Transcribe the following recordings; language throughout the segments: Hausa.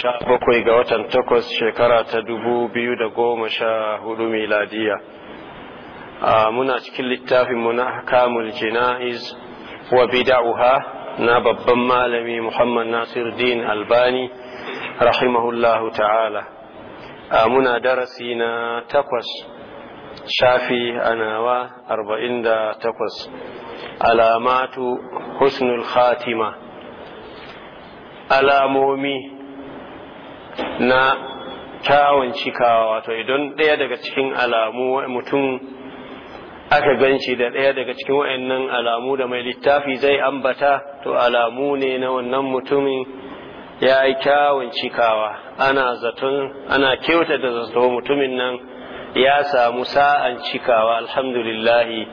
sha bakwai ga watan takwas shekara ta dubu biyu da goma sha hudu miladiya muna cikin littafin mu na kamul jina'iz wa bida'uha na babban malami muhammad nasir din albani rahimahullahu ta'ala muna darasi na takwas shafi a nawa arba'in da takwas alamatu husnul khatima alamomi na kyawun cikawa wato idan ɗaya daga cikin alamu mutum aka ganci da ɗaya daga cikin wa'annan alamu da mai littafi zai ambata to alamu ne na wannan mutumin ya yi kyawun cikawa ana zaton ana kyauta da zato mutumin nan ya samu sa'an cikawa alhamdulillahi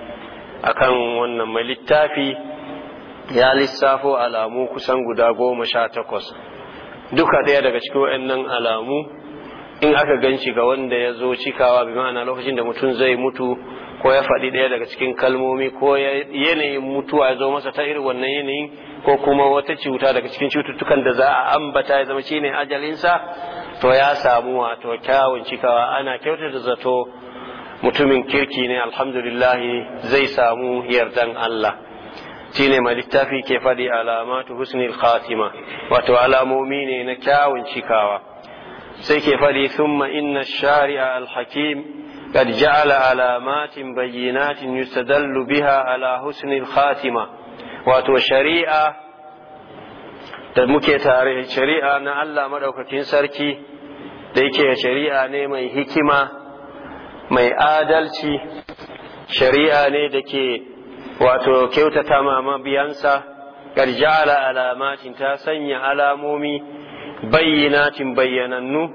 akan wannan mai littafi ya lissafo alamu kusan guda goma sha takwas duka ɗaya daga cikin nan alamu in aka ganci ga wanda ya zo cikawa bi ma'ana lokacin da mutum zai mutu ko ya faɗi ɗaya daga cikin kalmomi ko yanayin mutuwa ya zo masa ta irin wannan yanayin ko kuma wata cuta daga cikin cututtukan da za a ambata ya zama shine ajalinsa to ya samu wato kyawun cikawa ana kyautata zato mutumin kirki ne alhamdulillahi zai samu yardan Allah shine ma littafi ke faɗi alamatu husnil khatima wato alamomi ne na kyawun cikawa sai ke faɗi thumma inna shari'a alhakim قد جعل علامات بينات يستدل بها على حسن الخاتمة واتو شريعة shari'a تاريخ شريعة أن الله da سركي ديكي شريعة نيمي hikima mai adalci shari'a ne da ke wato kyautata ma mabiyansa ƙarjala alamatin ta sanya alamomi bayyanacin bayyanannu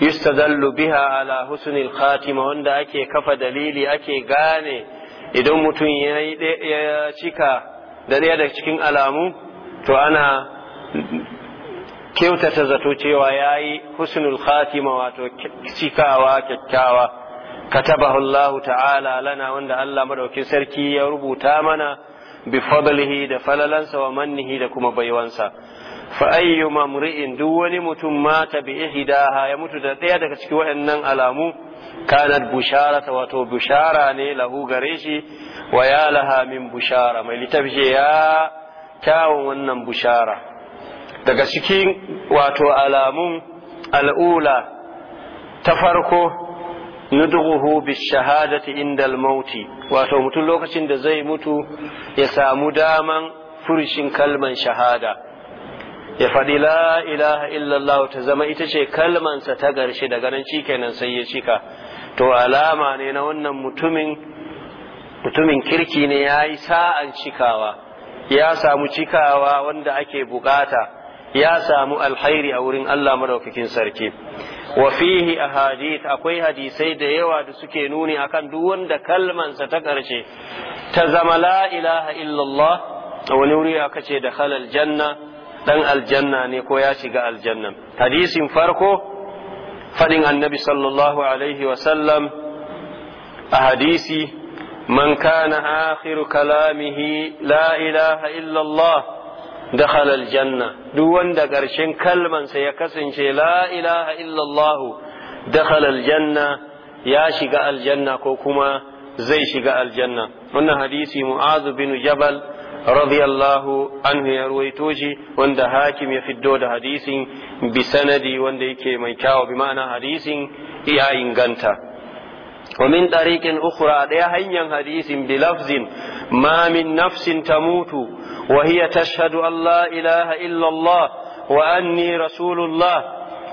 yustadallu biha ala husnil khatima wanda ake kafa dalili ake gane idan mutum ya cika da ɗaya da cikin alamu to ana kyautata zato cewa ya yi husnul khatima wato cikawa kyakkyawa katabahu Allah ta'ala lana wanda Allah madaukin sarki ya rubuta mana bi fadlihi da falalansa wa mannihi da kuma baiwansa fa ayyu mamri'in duk wani mutum mata bi ihdaha ya mutu da ɗaya daga cikin waɗannan alamu kanat bushara wato bushara ne lahu gare shi wa ya laha min bushara mai littafi ya kyawun wannan bushara daga cikin wato alamun al'ula ta farko nudughuhu bishahadati indal mauti wato mutum lokacin da zai mutu ya samu daman furshin kalman shahada ya faɗi la ilaha illallah ta zama ita ce kalmansa ta garshe daga nan shikenan sai ya cika to alama ne na wannan mutumin mutumin kirki ne ya yi sa'an cikawa ya samu cikawa wanda ake bukata ya samu alkhairi a wurin Allah madaukakin sarki wa fihi ahadith akwai hadisai da yawa da suke nuni akan duk wanda kalmansa ta karshe ta zama la ilaha illallah a wani wuri aka ce da halal janna dan aljanna ne ko ya shiga aljanna hadisin farko fadin annabi sallallahu alaihi wa sallam a hadisi man kana akhiru kalamihi la ilaha illallah dakhala janna duk wanda ƙarshen kalmansa ya kasance la ilaha illallah dakhala janna ya shiga aljanna ko kuma zai shiga aljanna wannan hadisi mu'azu bin jabal radiyallahu anhu ya ruwaito shi wanda hakim ya fiddo da hadisin bi sanadi wanda yake mai kyawu bi ma'ana hadisin iya inganta ومن طريق أخرى ديهن حديث بلفظ ما من نفس تموت وهي تشهد أن لا إله إلا الله وأني رسول الله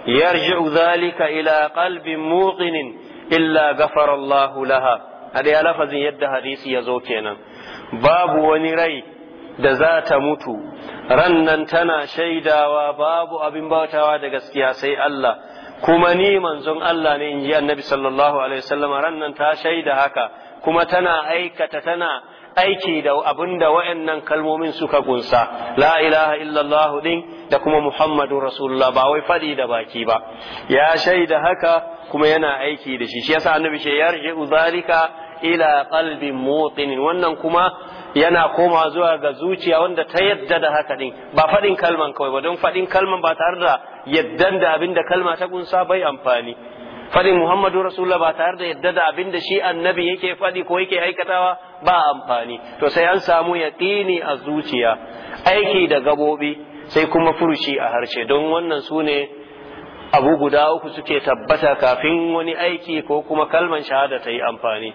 يرجع ذلك إلى قلب موقن إلا غفر الله لها هذا لفظ يد حديث يزوكينا باب ونري da za ta mutu ran nan tana shaidawa babu abin bautawa da gaskiya sai Allah kuma ni manzon Allah ne in ji annabi sallallahu alaihi wasallam rannan ta shaida haka kuma tana aikata tana aiki da abinda waɗannan kalmomin suka kunsa la ilaha illallah din da kuma muhammadu rasulullah ba wai fadi da baki ba ya shaida haka kuma yana aiki da shi shi yasa annabi shi yarji zalika ila qalbin muqinin wannan kuma yana komawa zuwa ga zuciya wanda ta yadda da haka din ba faɗin kalman kawai ba don faɗin kalman ba tare da yaddan da abin da kalma ta kunsa bai amfani faɗin muhammadu rasulullah ba tare da yadda da abin da shi annabi yake faɗi ko yake aikatawa ba amfani to sai an samu yaƙini a zuciya aiki da gabobi sai kuma furushi a harshe don wannan su ne abu guda uku suke tabbata kafin wani aiki ko kuma kalman shahada ta yi amfani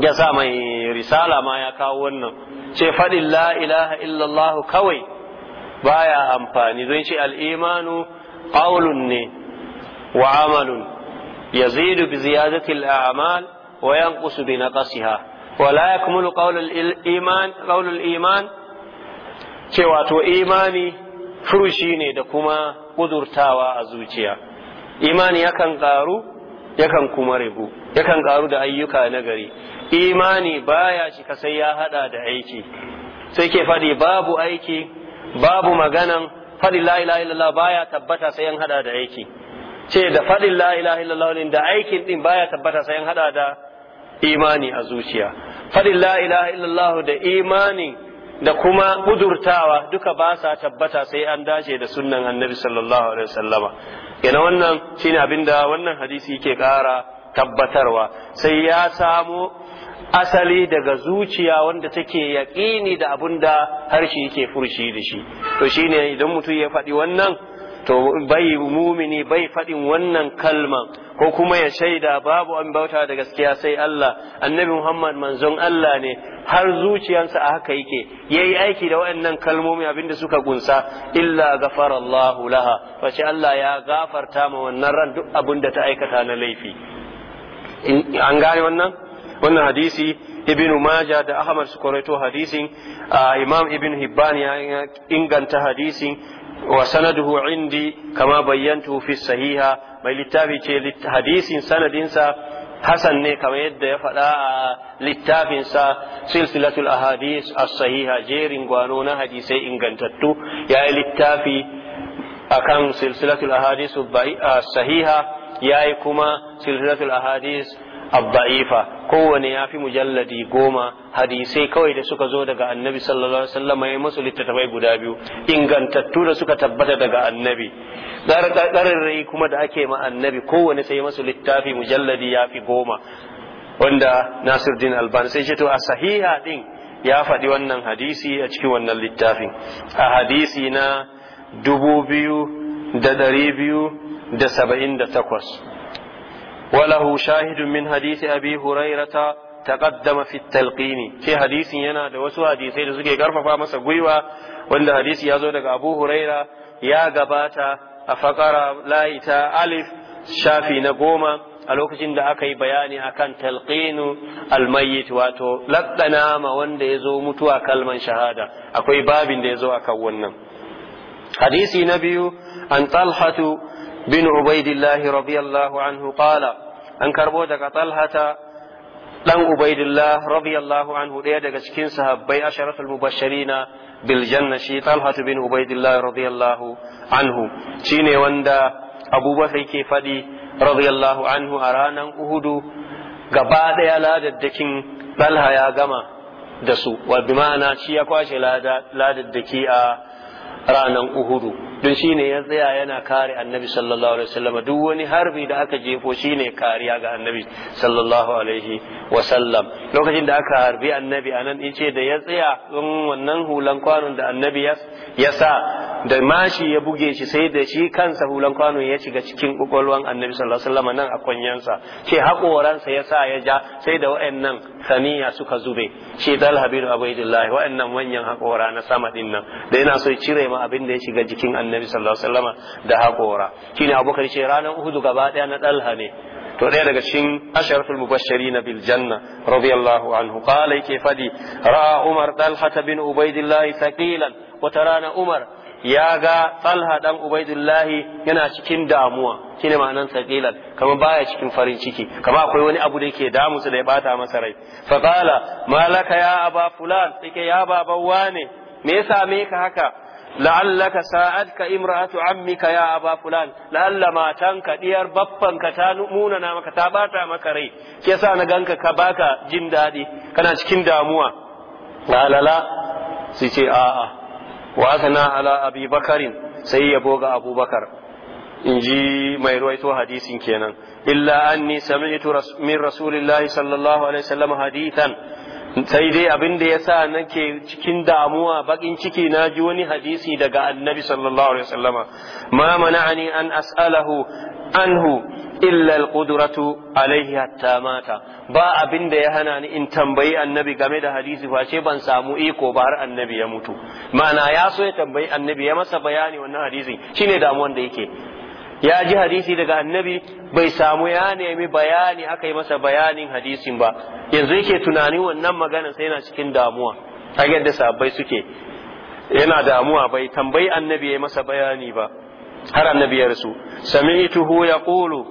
ya sa mai risala ma ya kawo wannan ce faɗin la ilaha illallah kawai baya amfani don ce al'imanu ƙaulun ne wa amalun zidu bi ziyadati a'mal wa yanqusu bi naqsiha wa la yakmulu qawlul iman iman ce wato imani furushi ne da kuma ƙudurtawa a zuciya imani yakan ƙaru yakan kuma ragu yakan ƙaru da ayyuka na gari imani baya cika sai ya hada da aiki sai ke faɗi babu aiki babu maganan faɗi la ilaha illallah baya tabbata sai an hada da aiki ce da faɗin la ilaha illallah da aikin din baya tabbata sai an hada da imani a zuciya faɗin la ilaha illallah da imani da kuma kudurtawa duka ba sa tabbata sai an dace da sunnan annabi sallallahu alaihi wasallama yana wannan shine abinda wannan hadisi yake ƙara tabbatarwa sai ya samo asali daga zuciya wanda take yaƙini da abunda harshe yake furshi da shi to shine idan mutum ya faɗi wannan to bai mumini bai faɗin wannan kalman. ko kuma ya shaida babu an bauta da gaskiya sai Allah annabi Muhammad manzon Allah ne har zuciyansa a haka yake yayi aiki da waɗannan kalmomi abinda suka gunsa illa ghafara Allah laha face Allah ya gafarta ma wannan ran duk abinda ta aikata na laifi an gane wannan wannan hadisi ibinu maja da ahmad su karaito hadisin imam ibn hibban ya inganta hadisin wa sanaduhu indi kama bayyantu fi sahiha mai littafi ce hadisin sanadinsa hasan ne kamar yadda ya faɗa a littafinsa silsilatul ahadis as-sahiha jerin gwano na hadisai ingantattu ya yi littafi akan silsilatul ahadis as-sahiha ya yi kuma silsilatul ahadis abba'ifa kowane ya fi mujalladi goma hadisai kawai da suka zo daga annabi sallallahu alaihi wasallam ya masu littattafai guda biyu ingantattu da suka tabbata daga annabi ƙararrai kuma da ake ma annabi kowane sai masu littafi mujalladi ya fi goma wanda nasiruddin albani sai ce to a sahiha din ya faɗi wannan hadisi a cikin wannan littafin a hadisi na dubu biyu da ɗari biyu da saba'in da takwas Walahu min hadisi وله شاهد من حديث أبي هريرة تقدم في التلقين في حديث ينا دوسو حديثي لسوكي كرفا فامسا قويوة وان حديث يزودك أبو هريرة يا قباتا أفقر alif shafi na goma a lokacin da aka yi bayani akan talqinu almayyit wato laddana ma wanda ya zo mutuwa kalman shahada akwai babin da ya zo akan wannan hadisi na biyu an talhatu bin Ubaidillahi radiyallahu anhu qala an karbo daga Talhata dan Ubaidillah radiyallahu anhu ɗaya daga cikin sahabbai asharatul mubashirina bil janna shi Talhatu bin Ubaidillah radiyallahu anhu shine wanda Abubakar yake faɗi radiyallahu anhu a ranan Uhudu gaba ɗaya ladaddakin Talha ya gama da su wa bi ma'ana shi ya kwashe ladaddaki a ranan Uhudu don shi ne ya tsaya yana kare annabi sallallahu alaihi wasallam duk wani harbi da aka jefo shi ne kariya ga annabi sallallahu alaihi wasallam lokacin da aka harbi annabi anan in ce da ya tsaya don wannan hulan kwanon da annabi ya sa da mashi ya buge shi sai da shi kansa hulan kwanon ya shiga cikin kwakwalwan annabi sallallahu alaihi wasallam nan a kunyansa ce haƙoransa ya sa ya ja sai da wa'annan saniya suka zube shi talha abu abuidullahi wa'annan wanyan haƙora na sama dinnan da yana so ya cire ma abin da ya shiga jikin annabi annabi sallallahu alaihi wasallam da haƙora shine abubakar ce ranar uhudu gaba ɗaya na dalha ne to ɗaya daga cikin asharatul mubashshirina bil janna radiyallahu anhu qala yake fadi ra'a umar talha bin ubaidillah thaqilan wa tarana umar ya ga talha dan ubaidullahi yana cikin damuwa shine ma'anan saqilan kamar baya cikin farin ciki kama akwai wani abu da yake damu da ya bata masa rai fa qala malaka ya aba fulan sai ya baban wane me yasa me ka haka la'allaka sa'adka imra'atu ammika ya aba fulan la'alla matanka diyar baffanka ta munana maka ta bata maka rai ke sa na ganka ka baka jin daɗi kana cikin damuwa La'alala. su ce a'a wa asna ala abi bakarin sai yabo ga abubakar in ji mai ruwaito hadisin kenan illa anni sami'tu min rasulillahi sallallahu alaihi wasallam hadithan sai dai abin da sa nake cikin damuwa bakin ciki na ji wani hadisi daga annabi sallallahu alaihi wasallama ma mana'ani an as'alahu anhu illa alqudratu alaihi hatta mata ba abin da ya hana ni in tambayi annabi game da hadisi face ban samu iko ba har annabi ya mutu ma'ana ya so ya tambayi annabi ya masa bayani wannan hadisi shine damuwan da yake ya ji hadisi daga annabi bai samu ya nemi bayani aka yi masa bayanin hadisin ba yanzu yake tunani wannan magana sai yana cikin damuwa a yadda sabbai suke yana damuwa bai tambayi annabi ya masa bayani ba har annabi ya rasu sami'tuhu yaqulu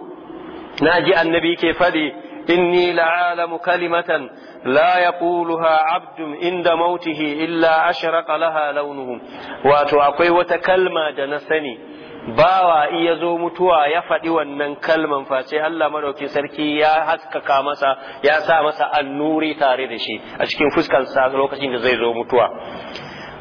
na ji annabi ke fadi inni la'alamu kalimatan la yaquluha abdun inda mautihi illa ashraqa laha launuhu wato akwai wata kalma da na sani bawa iya zo mutuwa ya faɗi wannan kalman face Allah madauki sarki ya haskaka masa ya sa masa annuri tare da shi a cikin fuskansa lokacin da zai zo mutuwa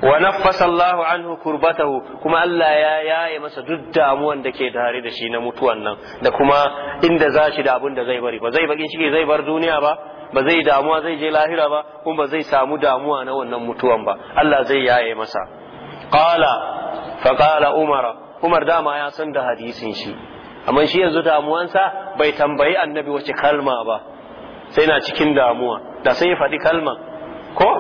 wa naffasa Allah anhu kurbatahu kuma Allah ya yaye masa duk damuwan da ke tare da shi na mutuwan nan da kuma inda za shi da abin da zai bari ba zai bakin shi zai bar duniya ba ba zai damuwa zai je lahira ba kuma ba zai samu damuwa na wannan mutuwan ba Allah zai yaye masa qala fa qala umara Umar dama ya san da hadisin shi amma shi yanzu damuwansa bai tambayi annabi wace kalma ba sai na cikin damuwa da sai ya faɗi kalma ko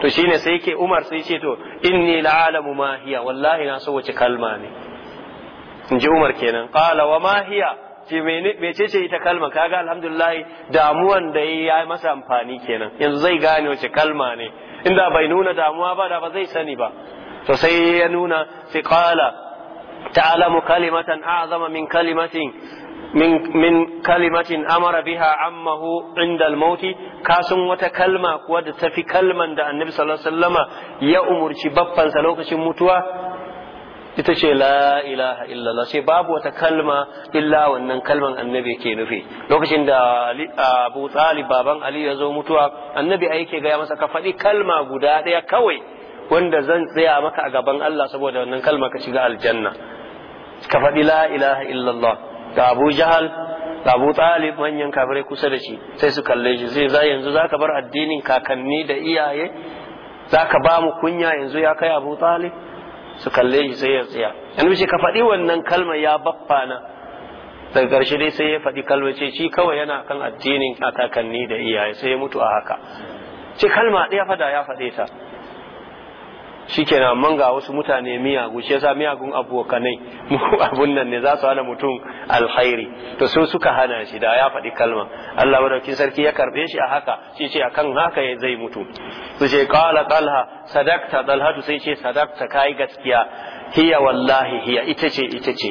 to shine sai yake Umar sai ce to inni la'alamu ma hiya wallahi na so wace kalma ne in ji Umar kenan qala wa ma hiya ce mece ce ita kalma kaga alhamdulillah damuwan da ya masa amfani kenan yanzu zai gane wace kalma ne inda bai nuna damuwa ba da ba zai sani ba to sai ya nuna sai qala تعلم كلمة أعظم من كلمة من من كلمة أمر بها عمه عند الموت كاسم وتكلمة قد تفي كلمة دا النبي صلى الله عليه وسلم يا أمور شبابا سلوك شمتوا ita ce la ilaha illallah babu wata kalma illa wannan kalman annabi ke nufi lokacin da abu talib baban ali ya zo mutuwa annabi a yake gaya masa ka faɗi kalma guda ɗaya kawai wanda zan tsaya maka a gaban allah saboda wannan kalma ka shiga aljanna ka faɗi la ilaha illallah ga abu jahal ga abu talib manyan kafirai kusa da shi sai su kalle shi sai za yanzu za ka bar addinin kakanni da iyaye za ka ba mu kunya yanzu ya kai abu talib su kalle shi sai ya tsaya yanzu shi ka faɗi wannan kalmar ya baffana daga ƙarshe dai sai ya faɗi kalmar ce shi kawai yana kan addinin kakanni da iyaye sai ya mutu a haka ce kalma ɗaya fada ya faɗe ta shikenan man ga wasu mutane miyagu shi yasa miyagun abokanai abun nan ne za su hana mutum alkhairi to sun suka hana shi da ya faɗi kalma Allah madaukin sarki ya karɓe shi a haka shi ce akan haka zai mutu su ce qala talha sadakta dalhatu sai ce sadakta kai gaskiya hiya wallahi hiya ita ce ita ce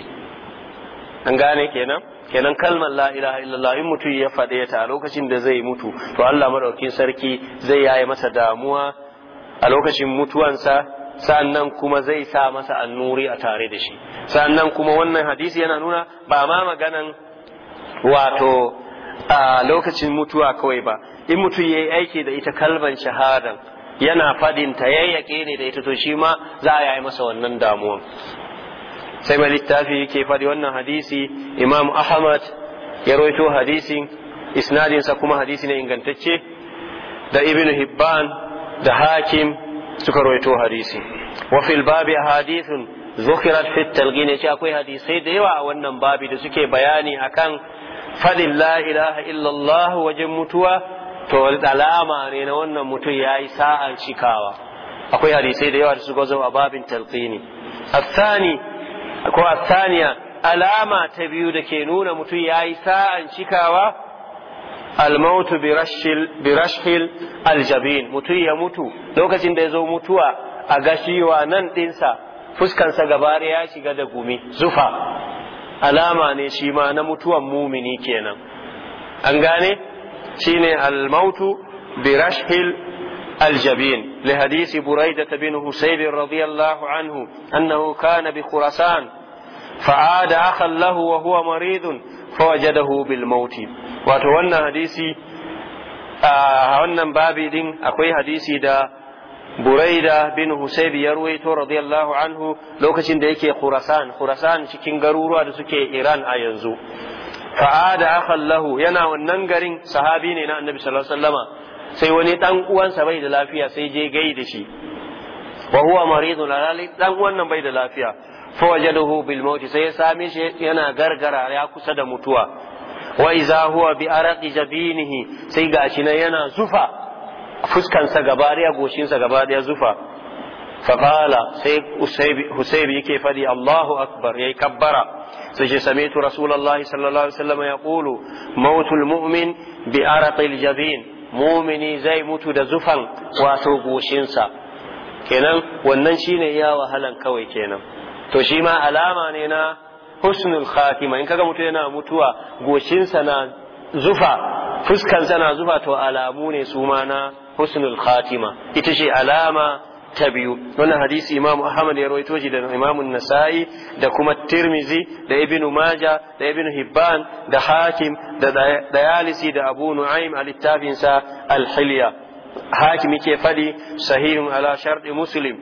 an gane kenan kenan kalmar la ilaha illallah in mutum ya faɗe ta lokacin da zai mutu to Allah madaukin sarki zai yaye masa damuwa a lokacin mutuwansa sannan kuma zai sa masa annuri a tare da shi sannan kuma wannan hadisi yana nuna ba ma maganan wato a lokacin mutuwa kawai ba in mutum ya yi aiki da ita kalban shahadan yana fadin ta yayyake ne da ita to shi ma za a yi masa wannan damuwan sai mai littafi yake fadi wannan hadisi imam ahmad ya roito hadisin isnadinsa kuma hadisi na ingantacce da ibn hibban da hakim suka rawaito hadisi wa fil babi hadithun zukirat fi talqin ce akwai hadisai da yawa a wannan babi da suke bayani akan fadin la ilaha illallah wajen mutuwa to alama ne na wannan mutum yayi sa'an cikawa akwai hadisai da yawa da suka zo a babin talqini الثاني ko الثانية alama ta biyu da ke nuna mutum yayi sa'an cikawa almautu birashil rashil aljabin mutum ya mutu lokacin da ya zo mutuwa a gashiwa nan ɗinsa fuskansa gabari ya shiga da gumi zufa alama ne shi ma na mutuwan mumini kenan an gane shine almautu bi rashil الجبين لحديث بريدة بن حسيب رضي الله عنه أنه كان بخراسان فعاد أخا له وهو مريض فوجده بالموت wato wannan hadisi a wannan babi din akwai hadisi da Buraida bin Husaybi ya ruwaito radiyallahu anhu lokacin da yake Khurasan Khurasan cikin garuruwa da suke Iran a yanzu fa'ada akhan yana wannan garin sahabi ne na Annabi sallallahu alaihi wasallama sai wani dan uwansa bai da lafiya sai je gai da shi wa huwa maridun alali dan nan bai da lafiya fa wajaduhu bil mauti sai ya same shi yana gargara ya kusa da mutuwa wa iza huwa bi araqi jabinihi sai gashi nan yana zufa fuskansa gaba daya goshinsa gaba daya zufa fa qala sai husayb yake fadi Allahu akbar yayi kabbara sai ce sami'tu rasulullahi sallallahu alaihi wasallam yaqulu mautul mu'min bi araqil jabin mumini zai mutu da zufan wato goshinsa kenan wannan shine ya wahalan kawai kenan to shi ma alama ne na husnul khatima in kaga mutum yana mutuwa goshinsa na zufa fuskansa na zufa to alamu ne su ma na husnul khatima ita ce alama ta biyu wannan hadisi imam ahmad ya rawaito shi da imam nasa'i da kuma tirmizi da ibnu maja da ibnu hibban da hakim da dayalisi da abu nu'aim a littafinsa al-hilya hakim yake fadi sahihun ala sharɗi muslim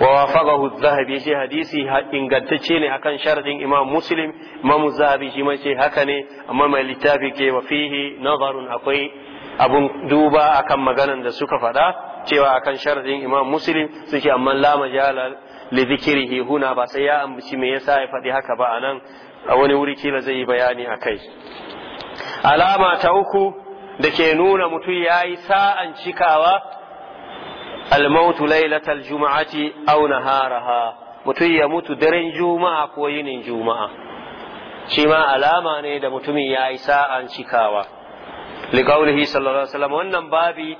ووافقه zahabi shi hadisi ingantacce ne akan sharadin imam muslim imam zahabi shi mace haka ne amma mai littafi ke wa fihi nazarun akwai abun duba akan maganan da suka faɗa cewa akan sharadin imam muslim suke amma la majala li dhikrihi huna ba sai ya ambaci me yasa ya faɗi haka ba anan a wani wuri kila zai yi bayani akai alama ta uku da ke nuna mutum ya yi sa'an cikawa almautu lailatal juma'ati aw mutum ya mutu daren juma'a ko yinin juma'a shima alama ne da mutumin ya yi sa'an cikawa liqaulihi sallallahu alaihi wasallam wannan babi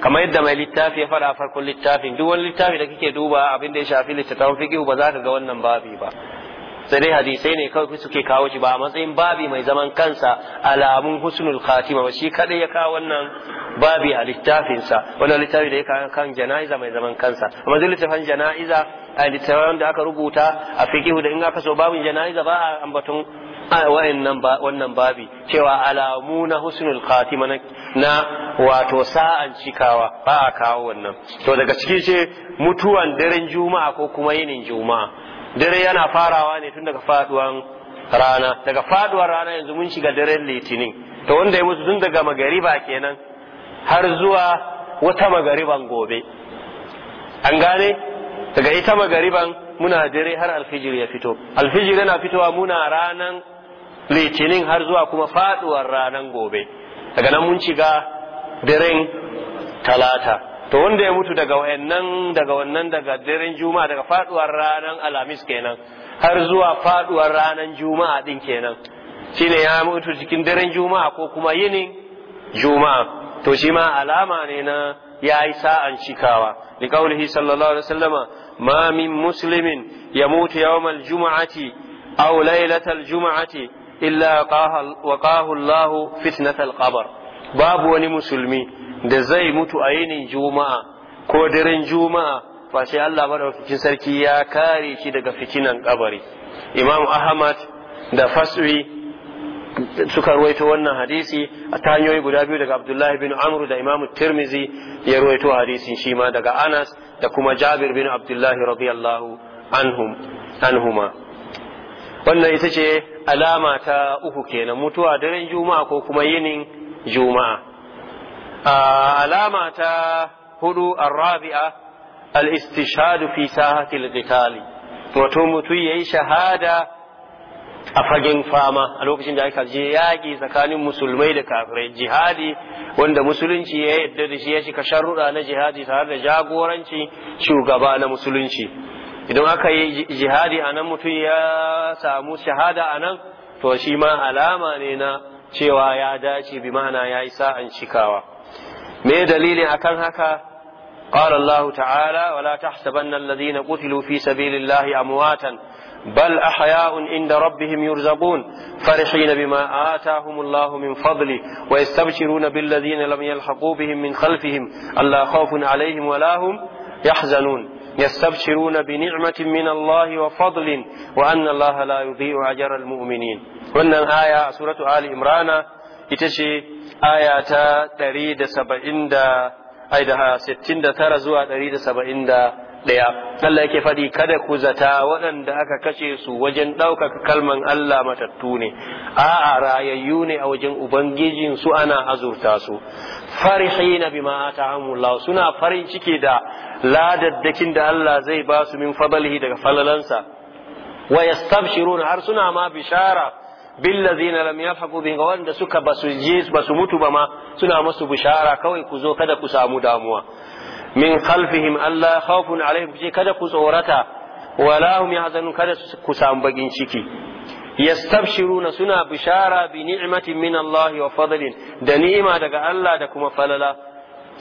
kamar yadda mai littafi ya fara farkon littafin duk wani littafi da kike duba abin da ya shafi littattafan fiqh ba za ka ga wannan babi ba sai dai hadisai ne kawai suke kawo shi ba a matsayin babi mai zaman kansa alamun husnul khatima ba shi kadai ya kawo wannan babi a littafinsa wannan littafi da ya kawo kan jana'iza mai zaman kansa amma zai littafin jana'iza a littafin da aka rubuta a fikihu da in aka so babin jana'iza ba a ambaton wa'annan wannan babi cewa alamu na husnul khatima na wato sa'an cikawa ba a kawo wannan to daga ciki ce mutuwan daren juma'a ko kuma yinin juma'a dare yana farawa ne tun daga faduwan rana daga faduwar rana yanzu mun shiga daren litinin to wanda ya mutu tun daga magariba kenan har zuwa wata magariban gobe an gane daga ita magariban muna dare har alfijir ya fito alfijir yana fitowa muna ranan litinin har zuwa kuma faduwar ranan gobe daga nan mun shiga daren talata to wanda ya mutu daga wayannan daga wannan daga daren juma'a daga faduwar ranar alhamis kenan har zuwa faduwar ranar juma'a din kenan shine ya mutu cikin daren juma'a ko kuma yinin juma'a to shi ma alama ne na yayi sa'an cikawa liqaulihi sallallahu alaihi wasallama ma min muslimin yamutu yawmal jumu'ati aw lailatal jumu'ati illa waqahu Allahu fitnatal qabr babu wani musulmi da zai mutu a yinin juma'a ko daren juma'a face Allah madaukakin sarki ya kare shi daga fitinan kabari Imam Ahmad da Faswi suka ruwaito wannan hadisi a ta hanyoyi guda biyu daga Abdullahi bin Amru da Imam Tirmizi ya ruwaito hadisin shi ma daga Anas da kuma Jabir bin Abdullahi radiyallahu anhum anhuma wannan ita ce alama ta uku kenan mutuwa daren juma'a ko kuma yinin juma'a alama ta hudu arrabi'a al-istishhadu fi sahatil qitali wato mutum yayi shahada a fagen fama a lokacin da aka je yaƙi tsakanin musulmai da kafirai jihadi wanda musulunci ya yadda da shi ya shiga sharuɗa na jihadi tare da jagoranci shugaba na musulunci idan aka yi jihadi a nan mutum ya samu shahada a nan to shi ma alama ne na cewa ya dace bi ma'ana ya yi sa'an cikawa ما دليل akan haka قال الله تعالى ولا تحسبن الذين قتلوا في سبيل الله امواتا بل احياء عند ربهم يرزقون فرحين بما اتاهم الله من فضله ويستبشرون بالذين لم يلحقوا بهم من خلفهم الا خوف عليهم ولا هم يحزنون يستبشرون بنعمه من الله وفضل وان الله لا يضيع اجر المؤمنين. وان الايه سوره ال عمران ita ce aya ta da saba'in da tara zuwa 171 Allah yake faɗi kada ku zata waɗanda aka kashe su wajen ɗaukaka kalman Allah matattu ne a'a rayayyu ne a wajen ubangijin su ana azurta su farihina bima atahumullahu suna farin ciki da ladaddakin da Allah zai ba su min fabalhi daga falalansa wa yastabshirun har suna ma bishara billazina lam yalhaqu bihim wanda suka basu je basu mutu ba ma suna masu bishara kawai ku zo kada ku samu damuwa min khalfihim alla khawfun alaihim ce kada ku tsorata wala hum yahzanun kada ku samu bakin ciki yastabshiruna suna bishara bi ni'matin min Allah wa fadlin da ni'ima daga Allah da kuma falala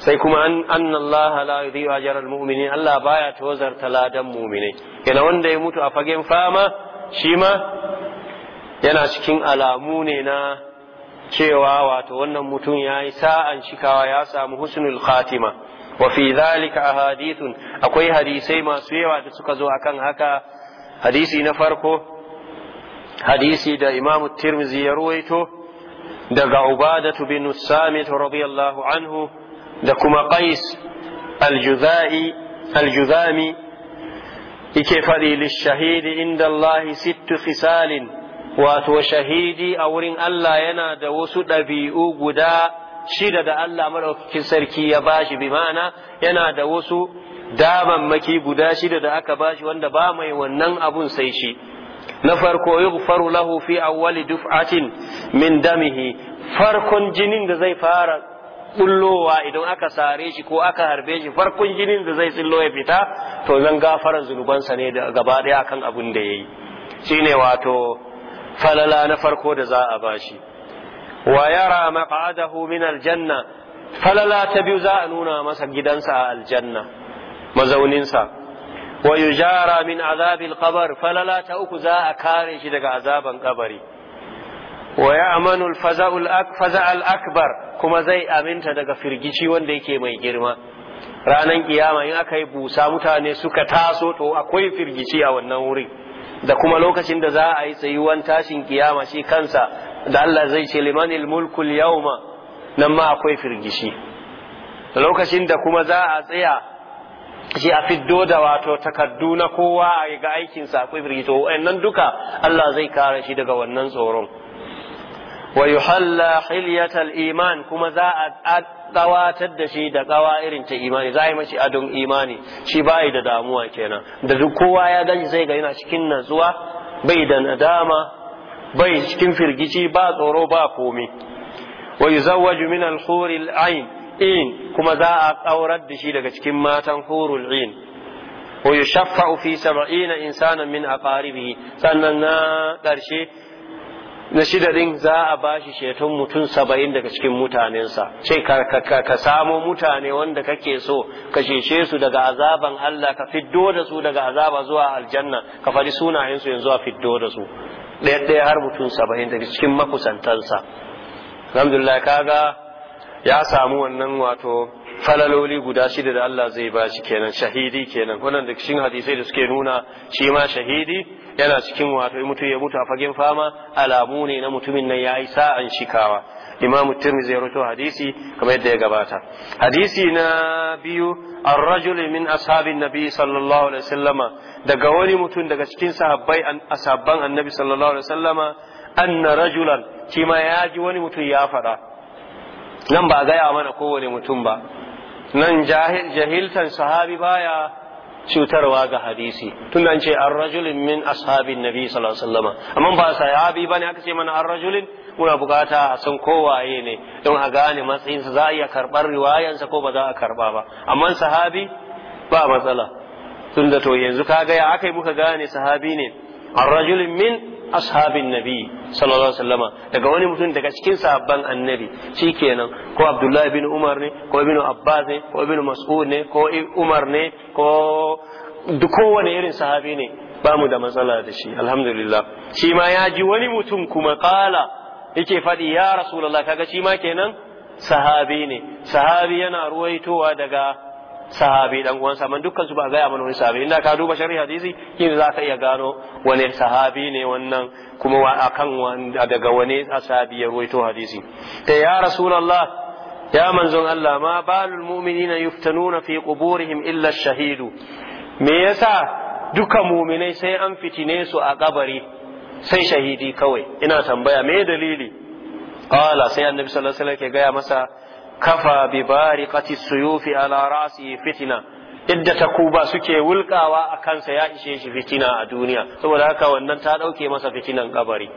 sai kuma an anna Allah la yudhi'u ajral mu'minin Allah baya tozarta ladan mu'minai yana wanda ya mutu a fagen fama shi ma yana cikin alamu ne na cewa wato wannan mutum ya yi sa'an shikawa ya samu husnul khatima wa fi zalika ahadithun akwai hadisai masu yawa da suka zo akan haka hadisi na farko hadisi da imamu tirmizi ya ruwaito daga ubadatu bin samit radiyallahu anhu da kuma qais al-juzai yake faɗi lishahidi inda Allah sittu fisalin. wato shahidi a wurin Allah yana da wasu ɗabi'u guda shida da Allah maɗaukakin sarki ya bashi bi ma'ana yana da wasu damammaki guda shida da aka bashi wanda ba mai wannan abun sai shi na farko faru lahu fi awwali duf'atin min damihi farkon jinin da zai fara ɓullowa idan aka sare shi ko aka harbe shi farkon jinin da zai tsillo ya fita to zan gafaran zunubansa ne gaba ɗaya akan abun da ya yayi shine wato falala na farko da za a bashi wa yara maq'adahu min aljanna falala ta biyu za a nuna masa gidansa a aljanna mazauninsa wa yujara min azabil qabr falala ta uku za a kare shi daga azaban kabari wa ya'manu al akbar kuma zai aminta daga firgici wanda yake mai girma ranan kiyama in aka yi busa mutane suka taso to akwai firgici a wannan wurin da kuma lokacin da za a yi tsayuwan tashin kiyama shi kansa da Allah zai ce limanil mulkul yawma nan ma akwai firgishi lokacin da kuma za a tsaya shi a fiddo da wato takardu na kowa a ga aikinsa akwai firgito nan duka Allah zai kare shi daga wannan tsoron wa yuhalla hilyatal iman kuma za a tsawatar da shi da kawa irin ta imani za a yi mashi adon imani shi bai da damuwa kenan da duk kowa ya gani zai ga yana cikin natsuwa bai da nadama bai cikin firgici ba tsoro ba komi wa yuzawwaju min al in kuma za a kaurar da shi daga cikin matan hurul ain wa yushaffa'u fi 70 insanan min aqaribihi sannan na karshe na shida din za a bashi sheton mutum saba'in daga cikin mutanensa ce ka samo mutane wanda kake so ka sheshe su daga azaban Allah ka fiddo da su daga azaba zuwa aljanna ka faɗi sunayensu yanzu a fiddo da su ɗaya ɗaya har mutum saba'in daga cikin makusantansa alhamdulillah kaga ya samu wannan wato falaloli guda shida da Allah zai ba shi kenan shahidi kenan wannan da cikin hadisai da suke nuna shi ma shahidi yana cikin wato mutu ya mutu a fagen fama alamu ne na mutumin nan yayi sa'an shikawa imam tirmidhi ya rawaito hadisi kamar yadda ya gabata hadisi na biyu ar-rajul min ashabin nabi sallallahu alaihi wasallam daga wani mutum daga cikin sahabbai ashabban annabi sallallahu alaihi wasallam anna rajulan kima yaji wani mutum ya faɗa nan ba a gaya mana kowane mutum ba nan jahiltan sahabi baya cutarwa ga hadisi tun an ce an rajulin min ashabin nabi sallallahu alaihi wasallam amma ba sahabi bane aka ce mana an rajulin muna bukata a san kowaye ne don a gane matsayinsa za a iya karbar riwayansa ko ba za a karba ba amma sahabi ba matsala tun da to yanzu kaga ya aka muka gane sahabi ne an rajulin min ashabin nabi sallallahu alaihi wasallama daga wani mutum daga cikin sahabban annabi shikenan ko abdullahi bin umar ne ko ibn abbas ne ko ibn mas'ud ne ko umar ne ko duk kowane irin sahabi ne ba mu da matsala da shi alhamdulillah shi ma ya ji wani mutum kuma kala yake faɗi ya rasulullah kaga shi ma kenan sahabi ne sahabi yana ruwaitowa daga sahabi dan sa man dukkan su ba gaya mana wani sahabi inda ka duba sharhi hadisi kin za ka iya gano wani sahabi ne wannan kuma akan daga wani sahabi ya ruwaito hadisi ta ya rasulullah ya manzon Allah ma balul mu'minina yuftanuna fi quburihim illa ash-shahidu me yasa duka muminai sai an fitine su a kabari sai shahidi kawai ina tambaya me dalili qala sai annabi sallallahu alaihi wasallam ke gaya masa kafa bi bariqati suyufi ala ra'si fitna idda takuba suke wulkawa a kansa ya ishe shi fitina a duniya saboda haka wannan ta dauke masa fitinan kabari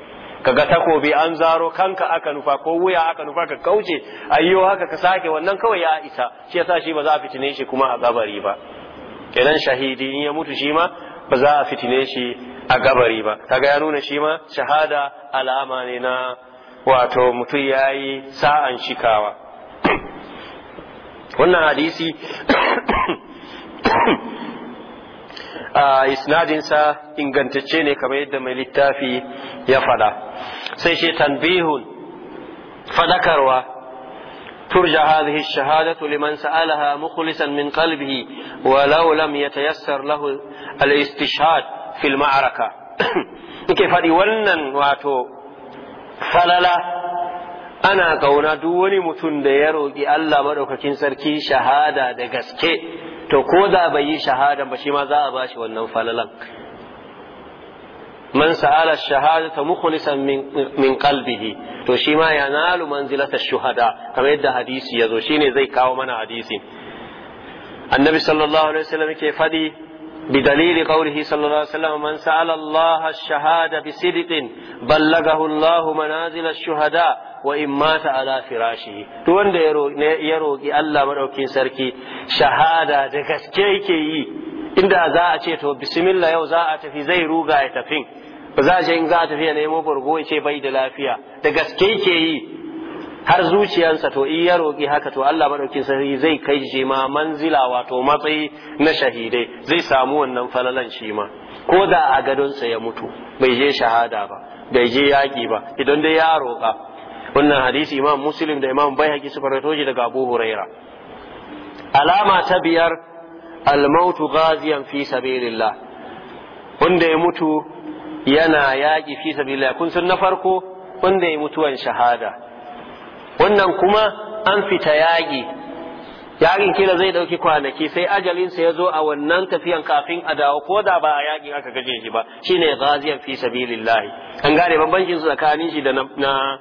kaga takobi an zaro kanka aka nufa ko wuya aka nufa ka kauce ayyo haka ka sake wannan kawai ya isa shi yasa shi ba za a fitine shi kuma a kabari ba kenan shahidi in ya mutu shi ma ba za a fitine shi a kabari ba kaga ya nuna shi ma shahada alama ne na wato mutum yayi sa'an shikawa wannan hadisi a isnadinsa ingantacce ne kamar yadda mai littafi ya faɗa sai shi tanbihun faɗakarwa. turja hadhihi shahadatu liman sa'alaha mukhlisan min qalbihi wa law lam yatayassar lahu al-istishhad fi al-ma'araka yake faɗi wannan wato falala ana ƙauna duk wani mutum da ya roƙi Allah maɗaukakin sarki shahada da gaske to ko da bai yi shahada ba shi ma za a ba shi wannan falalan man sa'ala shahadata mukhlisan min min qalbihi to shi ma yanalu manzilata shuhada kamar yadda hadisi yazo shine zai kawo mana hadisi annabi sallallahu alaihi wasallam ke fadi بدليل قوله صلى الله عليه وسلم من سأل الله الشهادة بصدق بلغه الله منازل الشهداء وإن مات على فراشه تون يروقي الله مدوكين سركي شهادة دكسكيكي إن ذا أتيته بسم الله يو ذا أتفي زي روغا يتفين ba za a in za a tafiya nemo bargo ya ce bai da lafiya da gaske ke yi har zuciyansa to in ya roƙi haka to Allah madaukin sarki zai kai shi ma manzila wato matsayi na shahidai zai samu wannan falalan shi ma ko da a gadonsa ya mutu bai je shahada ba bai je yaƙi ba idan dai ya roƙa wannan hadisi imam muslim da imam baihaqi su farato shi daga abu huraira alama ta biyar almautu ghaziyan fi sabilillah wanda ya mutu yana yaƙi fi sabilillah kun sun na farko wanda ya mutuwan shahada wannan kuma an fita yaƙi yaƙin kila zai ɗauki kwanaki sai ajalinsa ya zo a wannan tafiyan kafin a dawo ko da ba a yaƙin aka gaje shi ba shine ghaziyan fi sabilillahi an gane bambancin su tsakanin shi da na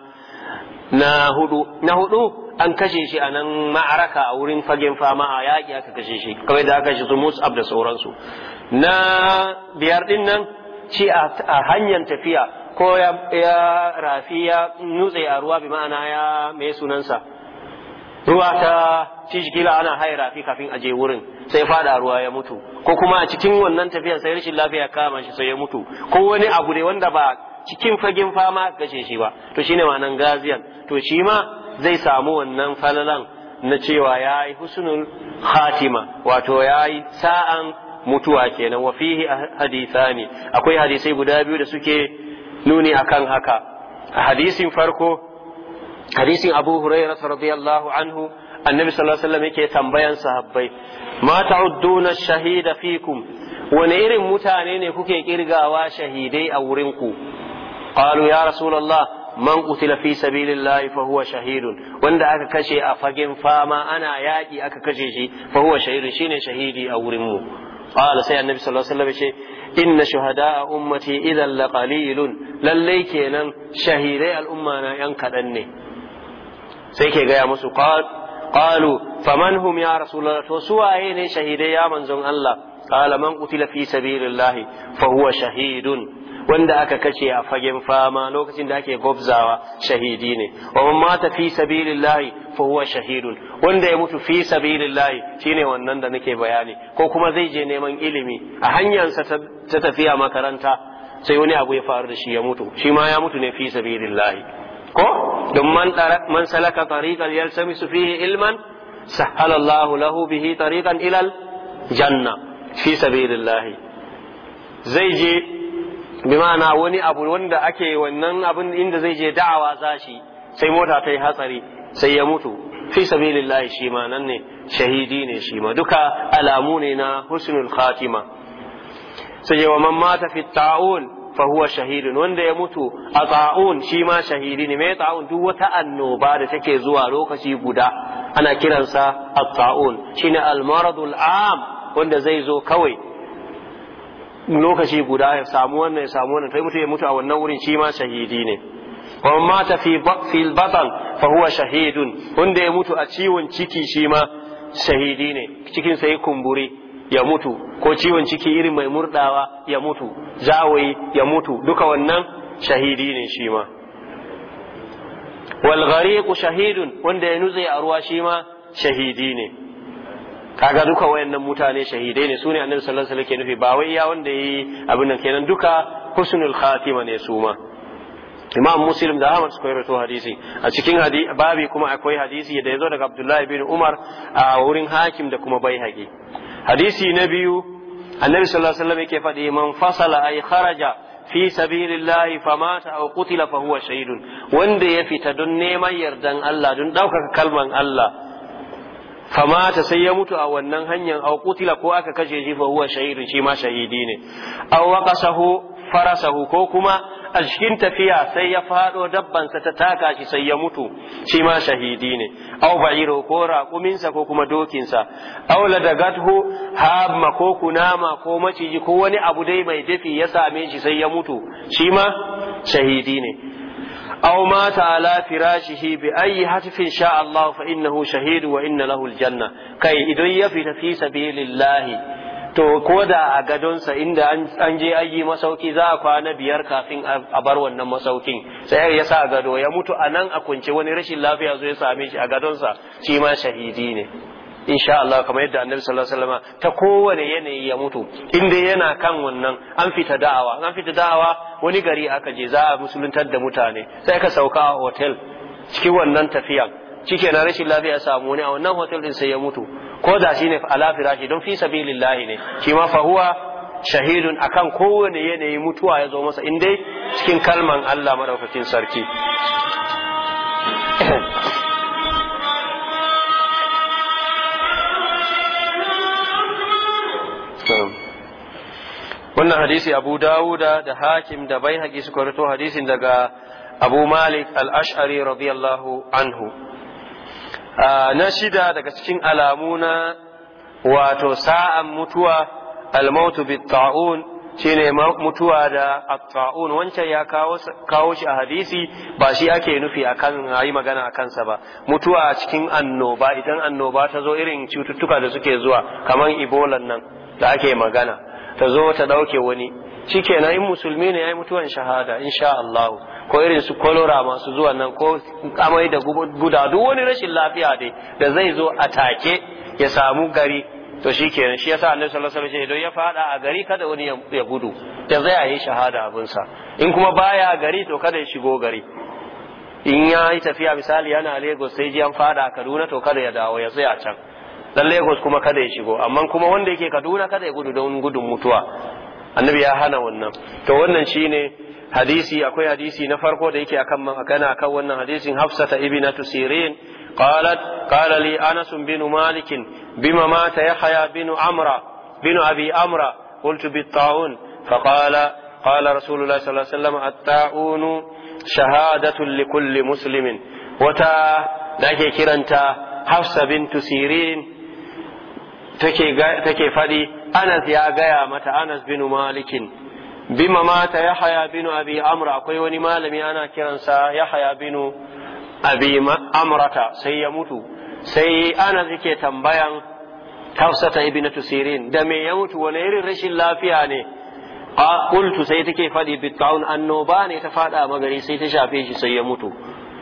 na hudu na hudu an kashe shi a nan ma'araka a wurin fagen fama a yaƙi aka kashe shi Kawai da aka shi su mus'ab da sauransu na biyar din nan ci a hanyar tafiya ko ya rafi ya nutse a ruwa bi ma'ana ya mai sunansa ruwa ta tishgila ana haya rafi kafin aje wurin sai fada ruwa ya mutu ko kuma a cikin wannan tafiyar sai rashin lafiya kama shi sai ya mutu ko wani abu ne wanda ba cikin fagen fama gashe shi ba to shine wannan gaziyan to shi ma zai samu wannan falalan na cewa ya yi husnul khatima wato ya yi sa'an mutuwa kenan wa fihi hadithani akwai hadisai guda biyu da suke nuni akan haka a hadisin farko hadisin abu hurairah radiyallahu anhu annabi sallallahu alaihi yake tambayan sahabbai ma ta'udduna shahida fikum wani irin mutane ne kuke kirgawa shahidai a wurin ku qalu ya rasulullah man qutila fi sabilillahi fa huwa shahidun wanda aka kashe a fagen fama ana yaki aka kashe shi fa huwa shahidun shine shahidi a wurin mu qala sai annabi sallallahu alaihi wasallam ce inna shuhada'a ummati idan la qalilun lalle kenan shahidai al'umma na yan kaɗan ne sai ke gaya musu qalu faman hum ya rasulullah to su waye ne shahidai ya manzon Allah qala man qutila fi sabilillah fa huwa shahidun wanda aka kashe a fagen fama lokacin da ake gobzawa shahidi ne wa man mata fi sabilillahi fa huwa shahidun wanda ya mutu fi sabilillahi shine wannan da nake bayani ko kuma zai je neman ilimi a hanyarsa ta tafiya makaranta sai wani abu ya faru da shi ya mutu shi ma ya mutu ne fi sabilillahi ko don man man salaka tariqan yaltamisu fihi ilman sahala Allahu lahu bihi tariqan ilal janna fi sabilillahi zai je bimana wani abu wanda ake wannan abin inda zai je da'awa zashi sai mota ta yi hatsari sai ya mutu fi sabilillahi shi ma nan ne shahidi ne shi ma duka alamu ne na husnul khatima sai ya man mata fi ta'un fa huwa shahidun wanda ya mutu a ta'un shi ma shahidi ne me ta'un duk wata annoba da take zuwa lokaci guda ana kiransa at-ta'un shine al-maradul am wanda zai zo kawai lokaci guda ya samu wannan ya samu wannan sai mutu ya mutu a wannan wurin shi ma shahidi ne wa mata fi fil batal fa huwa shahidun wanda ya mutu a ciwon ciki shi ma shahidi ne cikin sai kumburi ya mutu ko ciwon ciki irin mai murdawa ya mutu zawayi ya mutu duka wannan shahidi ne shi ma wal shahidun wanda ya nutse a ruwa shi ma shahidi ne kaga duka wayannan mutane shahidai ne sune annabi sallallahu alaihi wasallam ke nufi ba wai ya wanda yi abin nan kenan duka husnul khatima ne su ma imam muslim da ahmad suka rawaito hadisi a cikin babi kuma akwai hadisi da yazo daga abdullahi bin umar a wurin hakim da kuma baihaqi hadisi na biyu annabi sallallahu alaihi wasallam yake faɗi man fasala ay kharaja fi sabilillahi famata aw qutila fa huwa shahidun wanda ya fita don neman yardan Allah don ɗaukaka kalman Allah ta sai ya mutu a wannan hanyar aukutila kutila ko aka kashe shi fa huwa shahidun shi ma shahidi ne aw waqasahu farasahu ko kuma a cikin tafiya sai ya faɗo dabbansa ta taka shi sai ya mutu shi ma shahidi ne au ba'iro ko raƙuminsa ko kuma dokinsa au ladagathu hamma ko kunama ko maciji ko wani abu dai mai dafi ya same shi sai ya mutu shi ma shahidi ne au mata ala firashihi bi ayi hatfin sha Allah fa innahu shahidu wa inna lahu aljanna kai idan ya fita fi sabilillahi to ko da a gadonsa inda an je ayi masauki za a kwana biyar kafin a bar wannan masaukin sai ya sa a gado ya mutu a nan a kunce wani rashin lafiya zo ya same shi a gadonsa shi ma shahidi ne insha Allah kamar yadda annabi sallallahu alaihi wasallam ta kowane yanayi ya mutu inda yana kan wannan an fita da'awa an fita da'awa wani gari aka je za a musuluntar da mutane sai ka sauka a hotel cikin wannan tafiyan cike na rashin lafiya samu wani a wannan hotel din sai ya mutu ko da shi ne ala firashi don fi sabilillahi ne shi ma fa huwa shahidun akan kowane yanayi mutuwa ya zo masa in dai cikin kalman Allah madaukakin sarki wannan hadisi abu dawuda da hakim da bai haƙi suka rito hadisin daga abu malik al-ash'ari radiyallahu anhu na shida daga cikin alamu na wato sa'an mutuwa almautu bitta'un shine mutuwa da ta’un wancan ya kawo shi a hadisi ba shi ake nufi a kan yi magana a kansa ba mutuwa a cikin annoba idan annoba ta zo irin cututtuka da suke zuwa kamar ibolan nan da ake magana ta zo ta ɗauke wani shi shikenan in musulmi ne ya yi mutuwan shahada in sha Allah ko irin su kolora masu zuwa nan ko amai da guda duk wani rashin lafiya dai da zai zo a take ya samu gari to shikenan shi yasa annabi sallallahu alaihi wasallam ya fada a gari kada wani ya gudu da zai yi shahada abinsa in kuma baya a gari to kada ya shigo gari in ya yi tafiya misali yana Lagos sai ji an fada a Kaduna to kada ya dawo ya a can dan Lagos kuma kada ya shigo amma kuma wanda yake Kaduna kada ya gudu don gudun mutuwa annabi ya hana wannan to wannan shine hadisi akwai hadisi na farko da yake akan magana akan wannan hadisin Hafsa ta ibnatu Sirin قالت bin لي أنس بن مالك بما مات يحيى بن عمرو بن أبي عمرو قلت بالطاعون فقال قال رسول الله صلى الله عليه take faɗi Anas ya gaya mata Anas binu Malikin bima mata Yahya bin Abi Amr akwai wani malami ana kiransa Yahya bin Abi Amrata sai ya mutu sai Anas yake tambayan Hafsata ibnatu Sirin da me ya mutu wani irin rashin lafiya ne qultu sai take faɗi bitkaun annoba ne ta faɗa magari sai ta shafe shi sai ya mutu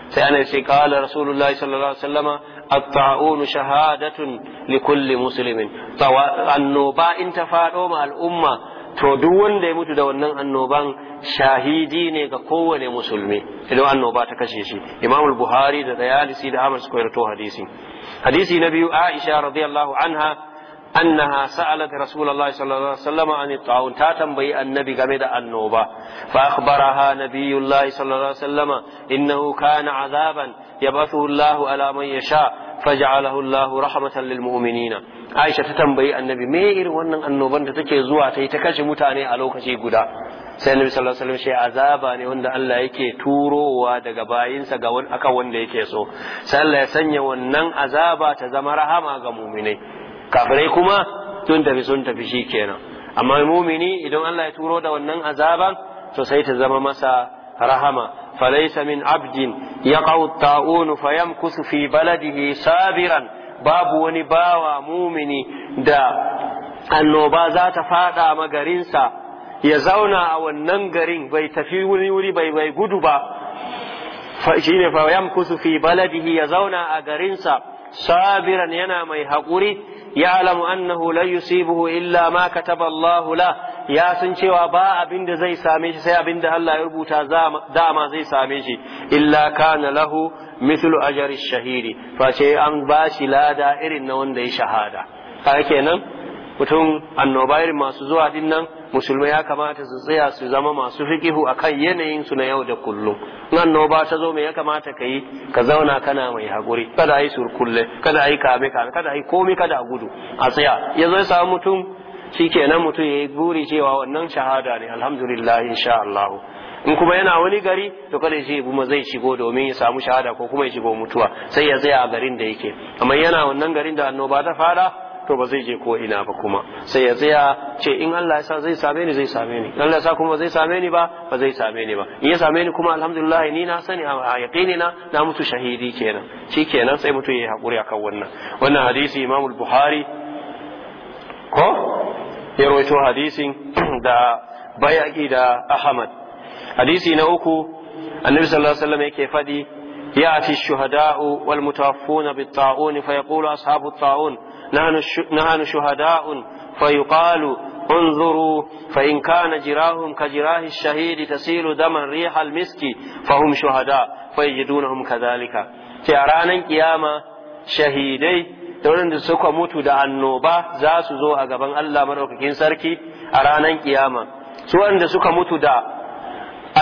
sai Anas ce kala Rasulullahi sallallahu alaihi wasallama الطاعون شهادة لكل مسلم annoba in ta faɗo ma al'umma to duk wanda ya mutu da wannan annoban shahidi ne ga kowane musulmi idan annoba ta kashe shi imam buhari da dayalisi da ahmad suka yarto hadisi hadisi na biyu aisha radiyallahu anha annaha sa'alat rasulullahi sallallahu alaihi wasallam an ta'awun ta tambayi annabi game da annoba fa akhbaraha nabiyullahi sallallahu innahu kana azaban Ya basu hulahu يبعثه الله على من يشاء فجعله الله رحمة للمؤمنين عائشة تتنبي النبي ما إير وأن ta تتكي زوا تيتكاش متاني ألوك شي قدا sai annabi sallallahu alaihi wasallam shi azaba ne wanda Allah yake turowa daga bayinsa ga wani aka wanda yake so sai ya sanya wannan azaba ta zama rahama ga muminai kafirai kuma sun tafi sun tafi shi kenan amma mumini idan Allah ya turo da wannan azaban to sai ta zama masa rahama فليس من عبد يقع الطاعون فيمكث في بلده صابرا باب ونباوى مؤمني دا annoba zata ta fada magarinsa ya zauna a wannan garin bai tafi wuri-wuri bai gudu ba shi ne fayam kusu fi baladihi ya zauna a garinsa sabiran yana mai haƙuri ya alamu annahu la yusibuhu illa ma kataba Allah la ya sun cewa ba abin da zai same shi sai abin da Allah ya rubuta dama zai same shi illa kana lahu mithlu ajri shahiri fa ce an ba shi lada irin na wanda ya shahada ka kenan mutum annoba irin masu zuwa dinnan nan musulmai ya kamata su tsaya su zama masu fiqihu akan yanayin su na yau da kullum nan no ta zo me ya kamata kai ka zauna kana mai hakuri kada ai surkulle kada ai kame kame kada ai komai kada a gudu a tsaya yazo ya samu mutum shikenan mutum yi buri cewa wannan shahada ne alhamdulillah insha Allah in kuma yana wani gari to kada shi kuma zai shigo domin ya samu shahada ko kuma ya shigo mutuwa sai ya zai a garin da yake amma yana wannan garin da annoba ta fada to ba zai je ko ina ba kuma sai ya tsaya ce in Allah ya sa zai same ni zai same ni Allah ya sa kuma zai same ni ba ba zai same ni ba in ya same ni kuma alhamdulillah ni na sani a yaqini na na mutu shahidi kenan kenan sai mutu yayi hakuri akan wannan wannan hadisi Imam Bukhari ko ya roito hadisin da bayaƙi da ahmad hadisi na uku annabi sallallahu alaihi wasallam yake faɗi ya fi shuhada'u wal mutawaffun bi ta'un fa yaqulu ashabu ta'un nahnu shuhada'un fa yuqalu انظروا فإن كان جراهم كجراه الشهيد تسيل دما ريح المسك فهم شهداء فيجدونهم كذلك في أرانا قيامة شهيدي da waɗanda suka mutu da annoba za su zo a gaban Allah madaukakin sarki a ranar kiyama su wanda suka mutu da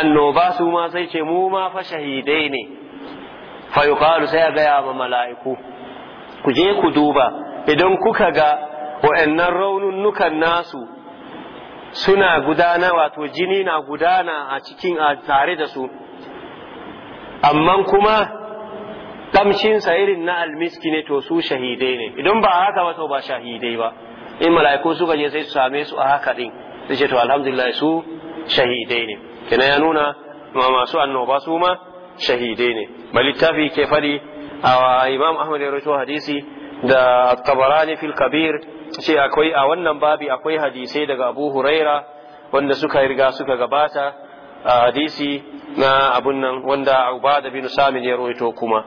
annoba su ma sai ce mu ma fa shahidai ne fa yuqalu sai a gaya wa mala'iku ku je ku duba idan kuka ga waɗannan raununnukan nasu suna gudana wato jini na gudana a cikin a tare da su amma kuma kamshinsa irin na almiski ne to su shahidai ne idan ba a haka ba to ba shahidai ba in mala'iku suka je sai su same su a haka din sai ce to alhamdulillah su shahidai ne kina ya nuna ma masu annoba su ma shahidai ne ba littafi ke fadi a imam ahmad ya rawaito hadisi da tabarani fil kabir ce akwai a wannan babi akwai hadisai daga abu huraira wanda suka riga suka gabata hadisi na abun nan wanda da bin Samin ya rawaito kuma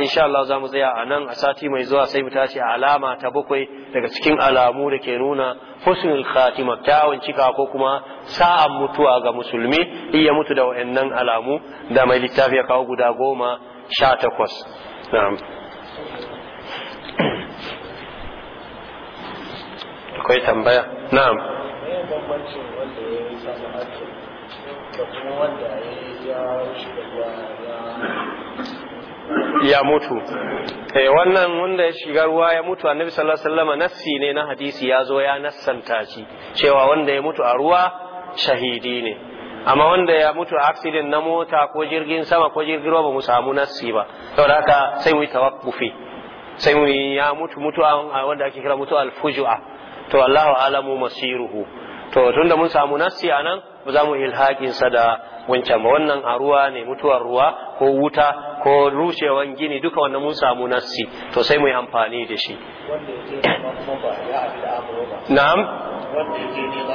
insha Allah za mu tsaya a nan a sati mai zuwa sai mu tashi a alama ta bakwai daga cikin alamu da ke nuna husnul khatima kyawun cika ko kuma sa'an mutuwa ga musulmi iya mutu da wayannan alamu da mai littafi ya kawo guda goma sha takwas na'am akwai tambaya na'am ya mutu eh wannan wanda ya shiga ruwa ya mutu annabi sallallahu alaihi wasallam nassi ne na hadisi ya zo ya nassanta shi cewa wanda ya mutu a ruwa shahidi ne amma wanda ya mutu a accident na mota ko jirgin sama ko jirgin ruwa ba mu samu nassi ba to haka sai mu yi sai mu ya mutu a wanda ake kira mutu al-fujua to Allahu alamu masiruhu to tunda mun samu nassi anan ba za mu ilhaƙin sa da wancan ba wannan a ruwa ne mutuwar ruwa ko wuta ko rushewan gini duka wannan mun samu nassi to sai mu yi amfani da shi na'am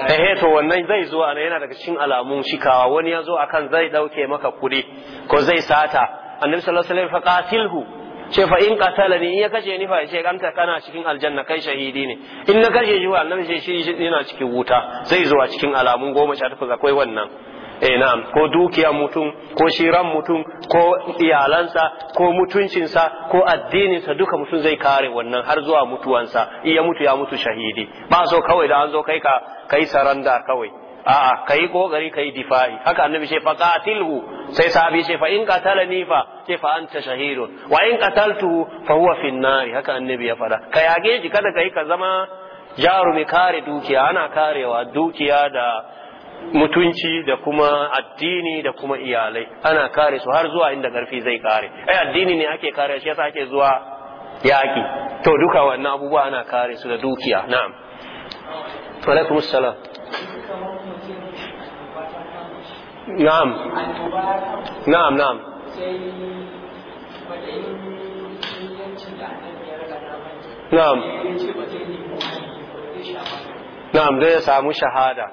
eh to wannan zai zo ana yana daga cikin alamun shikawa wani ya zo akan zai dauke maka kuɗi ko zai sata annabi sallallahu alaihi wasallam fa qatilhu ce fa in qatala ni in ya kashe ni fa ce anta kana cikin aljanna kai shahidi ne in na kashe shi wa annabi ce shi yana cikin wuta zai zuwa cikin alamun goma sha tafi akwai wannan eh na'am ko dukiya mutum ko shiran mutum ko iyalansa ko mutuncinsa ko addininsa duka mutum zai kare wannan har zuwa mutuwansa iya mutu ya mutu shahidi ba so kawai da an zo kai ka kai saranda kawai a'a kai kokari kai difa'i haka annabi ce fa qatilhu sai sahabi ce fa in qatalani fa ce fa anta shahidun wa in qataltuhu fa huwa fi nari haka annabi ya fada ka yage ji kada kai ka zama jarumi kare dukiya ana karewa dukiya da mutunci da kuma addini da kuma iyalai ana kare su har zuwa inda garfi zai kare ai addini ne ake kare shi yasa ake zuwa yaki to duka wannan abubuwa ana kare su da dukiya na'am wa alaikumus na'am na'am na'am na'am na'am zai samu shahada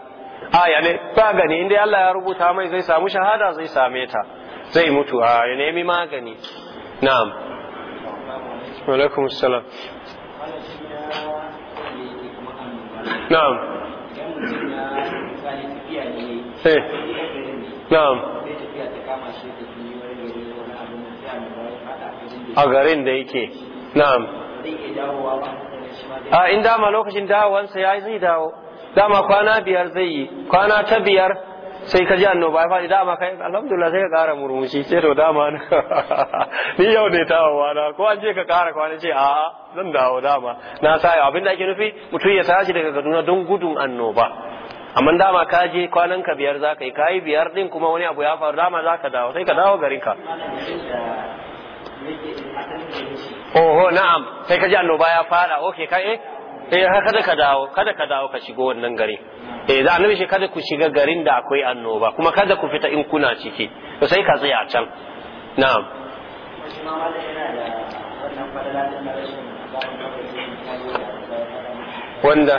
aya ne ba gani inda Allah ya rubuta mai zai samu shahada zai same ta zai mutu a ya nemi magani na'am alaikum salam na'am eh. na'am a garin da yake na'am a in dama lokacin dawowansa ya zai dawo dama kwana biyar zai yi kwana ta biyar sai ka ji annoba ya faɗi dama kai alhamdulillah sai ka ƙara murmushi sai to dama ni yau ne ta na ko an je ka ƙara kwana ce a zan dawo dama na sa abin da ake nufi mutum ya tashi daga Kaduna don gudun annoba amma dama ka je kwanan ka biyar za ka yi kayi biyar din kuma wani abu ya faru dama za ka dawo sai ka dawo gari ka oho na'am sai ka ji annoba ya fara oke ka eh eh kada ka dawo kada ka dawo ka shigo wannan garin eh da annabi shi kada ku shiga garin da akwai annoba kuma kada ku fita in kuna ciki to sai ka tsaya can na'am wanda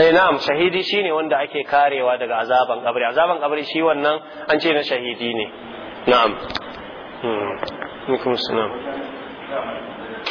sai eh, na'am shahidi ne wanda ake karewa daga azaban kabari azaban kabari shi wannan an ce na shahidi ne na'am hmm.